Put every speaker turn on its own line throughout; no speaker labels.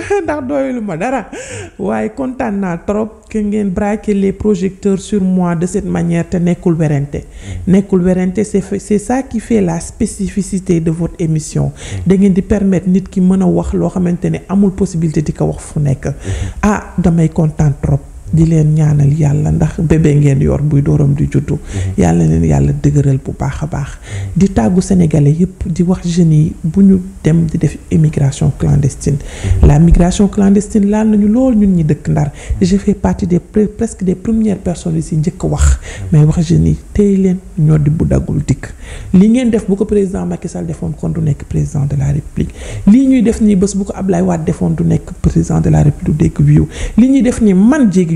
ndax doylu ma dara waaye kontaan naa trop que ngeen braquer les projecteurs sur mois de cette manière te nekkul werante nekkul werante c'est c'est ça qui fait la spécificité de votre émission da ngeen di permettre nit ki mën a wax loo xamante ne amul possibilité di ko wax fu nekk ah damay kontaan trop di leen ñaanal yàlla ndax bébé ngeen yor buy dooram di juddu. Mhm. yàlla leen yàlla dëgëral bu baax a baax. di tàggu sénégalais yëpp di wax jeunes yi bu ñu dem di def immigration clandestine. Mhm. la migration clandestine laal nañu lool ñun ñi dëkk ndar je fais partie des presque des premières personnes si njëkk wax. Mhm. mais wax jeunes yi tey leen ñoo di bu daggul dikk li ngeen def bu ko président Macky Sall defoon kon du nekk président de la république lii ñuy def nii bés bu ko Ablaye de la république dégg wiiw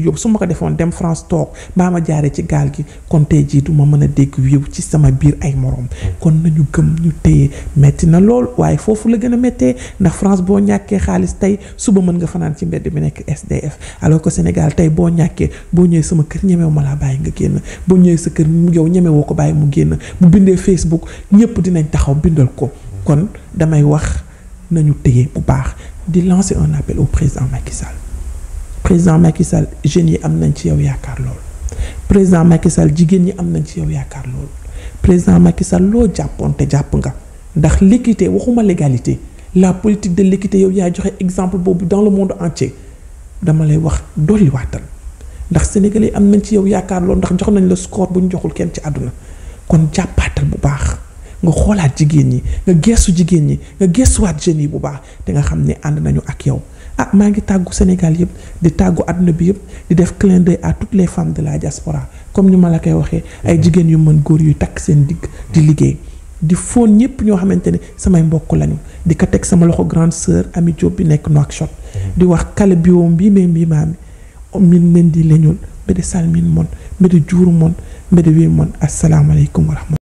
yóbbu su ma ko defoon dem France toog mbaa ma jaaree ci gaal gi kon tey jii du ma mën a dégg wiiw ci sama biir ay morom kon nañu gëm ñu téye metti na lool waaye foofu la gën a méttee ndax France boo ñàkkee xaalis tey suba mën nga fanaan ci mbedd bi nekk SDF alors ko Sénégal tey boo ñàkkee boo ñëwee sama kër ñemewu ma laa bàyyi nga génn boo ñëwee sa kër yow ñemewoo ko bàyyi mu génn mu bindee Facebook ñëpp dinañ taxaw bindal ko kon damay wax nañu téye bu baax di lancer un appel au président président Macky Sall jeunes yi am nañ ci yow yaakaar lool président Macky Sall jigéen ñi am nañ ci yow yaakaar président Macky Sall loo jàppoon te jàpp nga ndax l'équité waxuma l'égalité la politique de l'équité yow yaa joxe exemple boobu dans le monde entier dama lay wax dolli waatal ndax sénégalais am nañ ci yow yaakaar lool ndax jox nañ la score bu ñu joxul kenn ci àdduna kon jàppaatal bu baax nga xoolaat jigéen ñi nga geesu jigéen ñi nga geesuwaat jeunes yi bu baax te nga xam ne ànd nañu ak yow. ah maa ngi tàggu Sénégal yëpp di tàggu àdduna bi yëpp di def clin d'œil à toutes les femmes de la diaspora comme ni ma la koy waxee ay jigéen yu mën góor yuy takk seen digg di liggéey di foon ñëpp ñoo xamante ne samay mbokk lañu di ko teg sama loxo grande sœur Ami Diop bi nekk Nouakchott mhm. di wax kala biwo mbimee mbimaa mi oh, min men di leñul mbede salmin mon mbede juuru mon mbede wi mon asalaamaaleykum wa